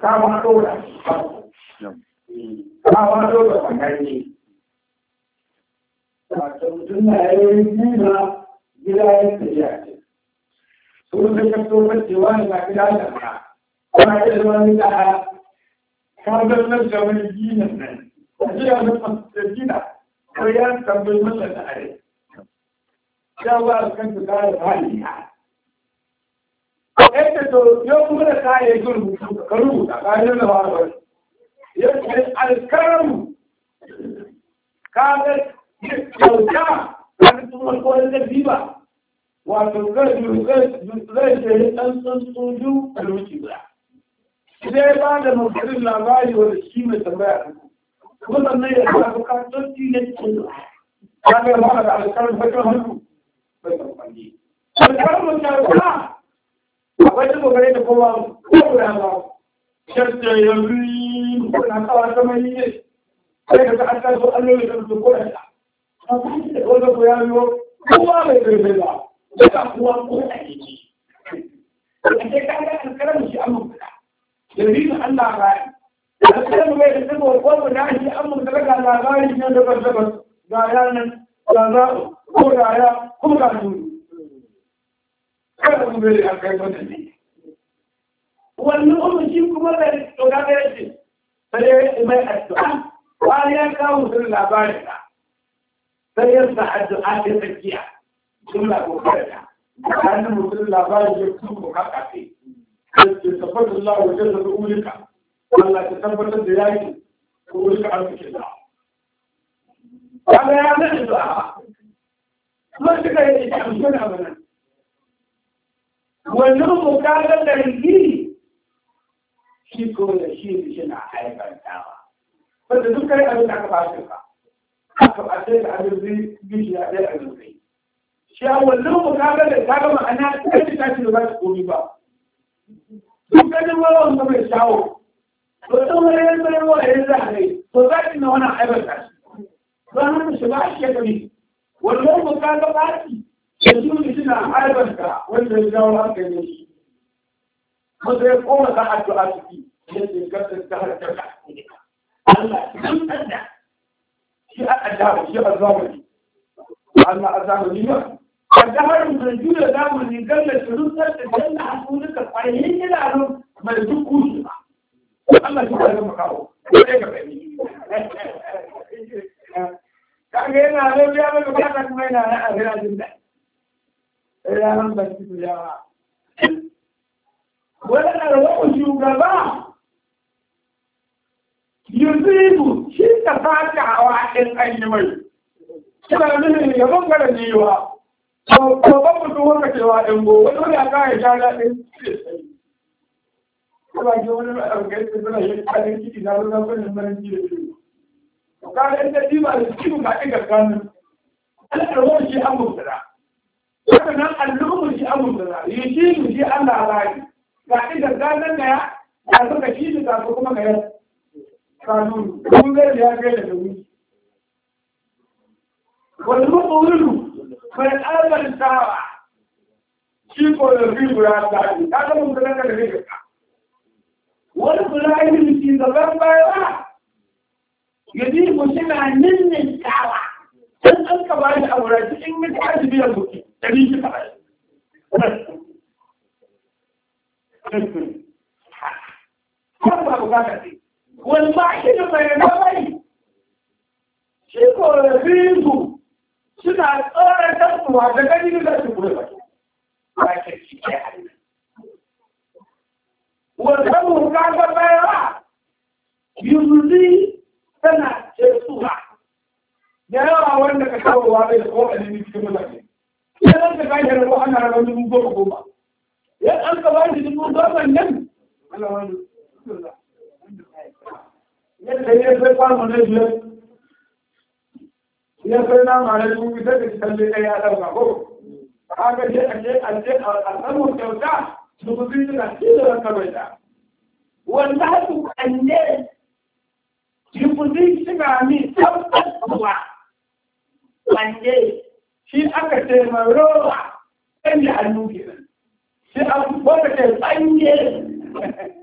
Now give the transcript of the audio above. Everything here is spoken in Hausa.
kawo dora kawo dora kwanarri wato mutum na yi nuna gida ya tafiya ce sun da ka so mace wani na gida da ba kuma ya zama ni da ha kawai nan da wani ginin nan a jiya da fasita gina ko ya tambayi masa da are yawa kan su kare hali ha to yau kuma da kayan yanzu rubutu ka da ba ya alkaramu tsohon da biba wato zai zai ɗan tsuntsuju a lokaci ba da mafarin labari wanda shi mai tambaya kuma sannan ya sa ba da alkaramu hannu bai alkaramu akwai ta kokarin da kowa ko ba shirka yanzu na kawo ta mai ne sai ka an ta da alloli da su ko da wanda ko ya yo kowa bai zai ba duka kowa ko yake sai ce ga an karanta shi amma yanzu Allah ba da kan mai da ko ko da shi amma da daga labarin nan da ba ga yanan ga za ko da ya kuma ga duniya kada ku bari an kai wannan ne wannan umma shi kuma da tsoga da yake sai ya mai addu'a wani ya kawo mutum labarin da sai ya sa addu'a ta tsakiya jumla ko kada kan mutum labarin ya tuko haka kai sai tabbata Allah wajen da umurka Allah ta tabbatar da yaki ko umurka arzikin da kaga ya nadi da ma duka yake cikin abin nan wannan mukalar da rigi shi ko da shi shi na haifar dawa wanda duk kai abin da aka ba shi ka aka ba shi da abin zai bishi da ɗaya abin zai shi a wannan mukalar da ta gama ana kai ta ce ba su komi ba duk ganin wawan da mai shawo to ta wani yan bai wa yan za a yi to za ki na wani haifar da shi don haka shi ba shi ya gani wannan mukalar ba shi يسوع suna harbarka wanda ya jawo hankalin shi wanda ya koma ta hajji a ciki yadda kasar ta harkar da Allah sun tsada shi a adawa shi a zamani Allah a zamani ba a daharin da juya zamani galla shi rusar da janna a sunuka kwayoyin gidanun mai duk kushi ba Allah shi ba zama kawo ko ɗaya ga fahimi kaga yana rabiya mai bukata kuma yana ra'a rajin daɗi ranar baki turawa waɗanda rabu shugaba yuzibu shi ta fata hawa ɗin an mai kina nufin ya bangaren ne yiwa ko ban mutum wanda ce wa ɗin gobe wani ya kaya sha daɗin kuma ke wani ɗarkar suna yin ƙarin ciki na ruwan sanin marin ciki da shi to kada da cikin ba ɗin gagganin Ana ɗarwar shi an mutu haka nan allumin shi amun da za yi shi mu shi Allah rayu ga inda zanen da ya ya suka shi shi tafi kuma ga yau kanun kun zai ya kai da dubu wani mutsuru mai albartawa shi ko da fi guda ta yi ta zama mutu nan da rika wani kula yi shi zaban bayawa yadi mu shi na ninninkawa dan an ka ba shi aure cikin mutu arziki da mutu har ba bukata ce wani ba shi da bayanan bai shi korafin su suna tsoron tasowa da gani da su kuma ba ba ke shi ke hannu wata muka ga bayarwa yuzi tana jesuwa da yawa wanda ka kawo wa bai da kowane ne cikin mutane sai zan ta kai da rabu ana rabon dubu goma goma ka bani dubu goma nan yadda ya fi kwano na biyar ya fi nama na dubu bisa da tsalle ɗaya a ɗauka ko haka je a je a je a samun kyauta dubu biyu na cikin kabaita wanda haɗu an je jibuzin shiga min tabbatarwa wanda shi aka ce ma roba ɗan da hannu kenan sai a vorgestellt, ein tsanke